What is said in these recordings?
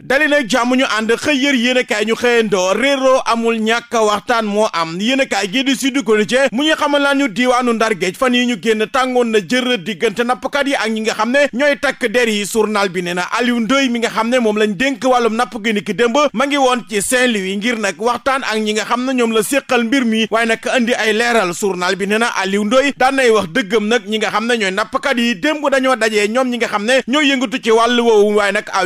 dali na jàmm ñu ànd xëy yër yéenekaay ñu xëyandoo réeroo amul ñàkk waxtaan moo am yéenekaay gii di Sud Quotidien mu ñu xam na ñu diwaanu Ndar géej fan yi ñu génn tàngoon na jër diggante nappkat yi ak ñi nga xam ne ñooy takk der yi journal bi nee na Aliou Ndoye mi nga xam ne moom lañ dénk wàllum napp gi ni ki démb ma ngi woon ci Saint-Louis ngir nag waxtaan ak ñi nga xam ne ñoom la séqal mbir mi waaye nag indi ay leeral journal bi nee na Aliou Ndoye daan wax dëggam nag ñi nga xam ne ñooy nappkat yi démb dañoo dajee ñoom ñi nga xam ne ñoo yëngatu ci wàllu woowu waaye nag à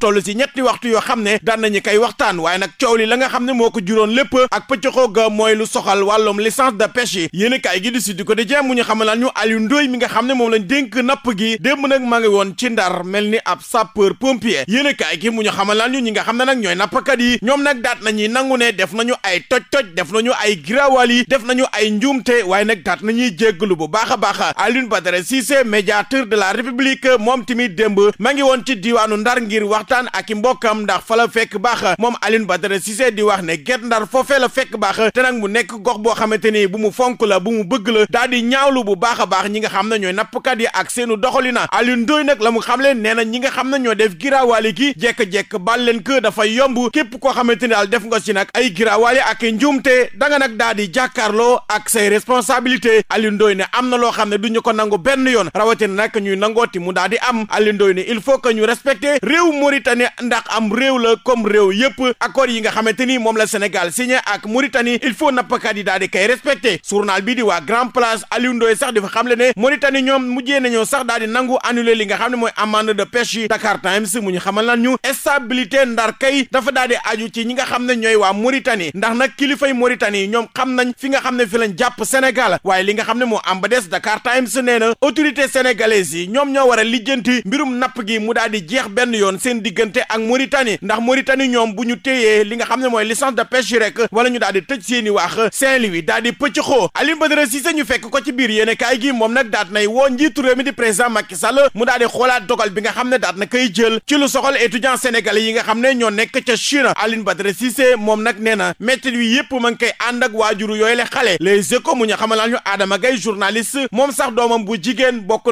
toll ci ñetti waxtu yoo xam ne daan nañu koy waxtaan waaye nag coow li la nga xam ne moo ko juróon lépp ak pëccaxoo ga mooy lu soxal wàllum licence de pêche yi yéen i gi di ko di jeem mu ñu xamal ñu Aliou Ndoye mi nga xam ne moom lañ dénk napp gi démb nag maa ngi woon ci ndar mel ni ab sapeur pompier yéen i kaay gi mu ñu xamal ñu ñi nga xam ne nag ñooy nappkat yi ñoom nag daat nañuy nangu ne def nañu ay toj-toj def na ñu ay giraawal yi def nañu ay njuumte waaye nag daat nañuy jéggalu bu baax a baax Alioune Badara Cissé médiateur de la République moom tamit démb ma ngi woon ci diwaanu Ndar ngir waxtaan ak i mbokkam ndax fa la fekk baax moom Alioune Badara Cissé di wax ne Guet Ndar foofee fekk baax te nag mu nekk gox boo xamante ni bu mu fonk la bu mu bëgg la daal di ñaawlu bu baax a baax ñi nga xam ne ñooy nappkat yi ak seenu doxalin Alioune Ndoye nag la mu leen nee na ñi nga xam ne ñoo def giraawaale gi jekk-jekk bal leen que dafay yomb képp koo xamante ni al def nga si nag ay giraawaale ak njuum te danga nag daal di jàkkaarloo ak say responsabilité Alioune Ndoye ne am na loo xam ne du ñu nangu benn yoon rawatina nag ñuy nangooti mu daal di am Alioune Ndoye ne il faut ñu respecté réew Mauritanie ne ndax am réew la comme réew yëpp accord yi nga xamante ni moom la Sénégal signé ak Mauritanie il faut nappkat yi daal di koy respecté journal bi di waa Grand Place Aliou Ndoye sax dafa xam le ne Mauritanie ñoom mujjee nañoo sax daal di nangu annulé li nga xam ne mooy amende de pêche yi Dakar Times mu ñu xamal lan ñu stabilité ndar kay dafa daal di aju ci ñi nga xam ne ñooy waa Mauritanie ndax nag kilifay Mauritanie ñoom xam nañ fi nga xam ne fi lañ jàpp Sénégal waaye li nga xam ne moo am ba des Dakar Times nee na autorité sénégalaise yi ñoom ñoo war a lijjanti mbirum napp gi mu daal di jeex benn yoon seen diggante diggante ak Mauritanie ndax Mauritanie ñoom bu ñu téyee li nga xam ne mooy licence de pêche yi ñu daal tëj seen wax Saint-Louis daal di pëcc xoo Badara Cissé ñu fekk ko ci biir yéen kaay gi moom nag daat nay woo njiitu réew mi di président Macky Sall mu daal xoolaat dogal bi nga xam ne daat na koy jël ci lu soxal étudiants sénégalais yi nga xam ne ñoo nekk ca Chine Alioune Badara Cissé moom nag nee na métti wi yépp ma ngi koy waajuru yooyu xale les échos mu ñu na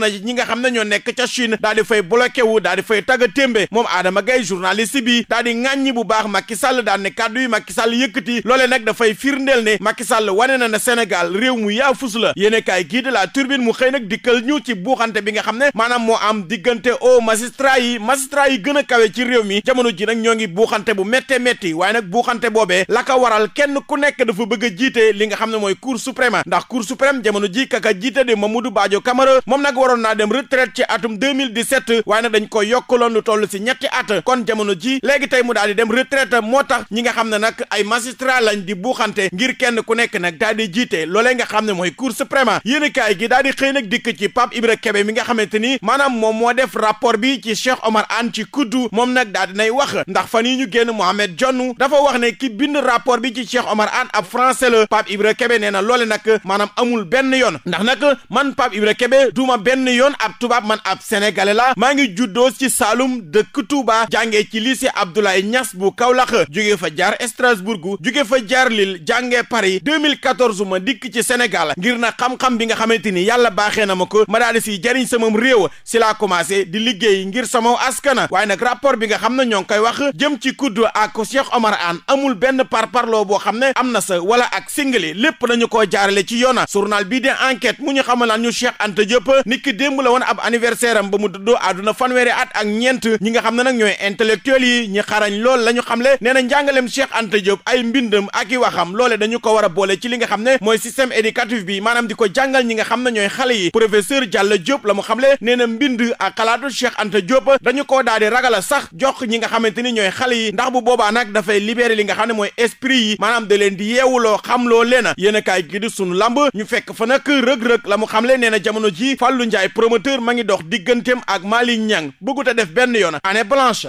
ñi nga xam ne ñoo nekk ca Chine daal di Ndiaye journaliste bi daal di ŋàññi bu baax Macky Sall daan ne kàddu yi Macky Sall yëkkati loole nag dafay firndeel ne Macky Sall wane na na Sénégal réew mu yaa fus la yéen a kaay gii de la turbine mu xëy nag dikkal ñu ci buuxante bi nga xam ne maanaam moo am diggante au magistrat yi magistrat yi gën a kawe ci réew mi jamono ji nag ñoo ngi buuxante bu métte métti waaye nag buuxante boobe la ko waral kenn ku nekk dafa bëgg jiite li nga xam ne mooy cour suprême ndax cour suprême jamono ji kaka jiite de Mamadou Badio Camara moom nag waroon naa dem retraite ci atum 2017 waaye nag dañ ko yokkaloon lu toll si ñetti at kon jamono ji léegi tey mu daal di dem retraite moo tax ñi nga xam ne nag ay magistrat lañ di buuxante ngir kenn ku nekk nag daal di jiite loolee nga xam ne mooy cour suprême yéenekaay gi daal di xëy nag dikk ci Pape Ibra Kébé mi nga xamante ni maanaam moom moo def rapport bi ci Cheikh Omar an ci ku du moom nag daal dinay wax ndax fan yi ñu génn Mohamed Dionne dafa wax ne ki bind rapport bi ci Cheikh Omar an ab français la Pape Ibra Kébé nee na loole nag maanaam amul benn yoon ndax nag man Pape Ibra Kébé duuma benn yoon ab tubaab man ab sénégalais maa ngi juddoo ci Saloum dëkk Touba jàngee ci lycée Abdoulaye ñas bu Kaolack jóge fa jaar Strasbourg jóge fa jaar Lille jàngee Paris 2014 ma dikk ci Sénégal ngir na xam-xam bi nga xamante ni yàlla baaxee na ma ko ma daal si jariñ samam réew si laa commencé di liggéey ngir sama askana waaye nag rapport bi nga xam ne ñoo ngi koy wax jëm ci kudd ak Cheikh Omar an amul benn par parparloo boo xam ne am na sa wala ak singali lépp dañu koo jaarale ci yoona journal bii de enquête mu ñu xamal ñu Cheikh Anta Diop niki démb la woon ab anniversaire am ba mu dëddoo àdduna fanweeri at ak ñeent ñi nga xam ne nag ñooy intellectuel yi ñi xarañ lool la ñu xamle nee na njàngaleem Cheikh Anta Diop ay mbindam ak i waxam loole ko war a boole li nga xam ne mooy système éducatif bi maanaam di ko jàngal ñi nga xam ne ñooy xale yi professeur Diallo Diop la mu xamle nee na mbind ak xalaatu Cheikh Anta Diop dañu koo daal ragala sax jox ñi nga xamante ni ñooy xale yi ndax bu boobaa nag dafay libérer li nga xam ne mooy esprit yi maanaam da leen di yeewuloo xamloo leen yéen a kaay gi di sunu ñu fekk fa nag rëg-rëg la mu xamle nee na jamono ji Fallou Ndiaye promoteur ma ngi dox digganteem ak Mali Niang bëggut a def benn yoon année blanche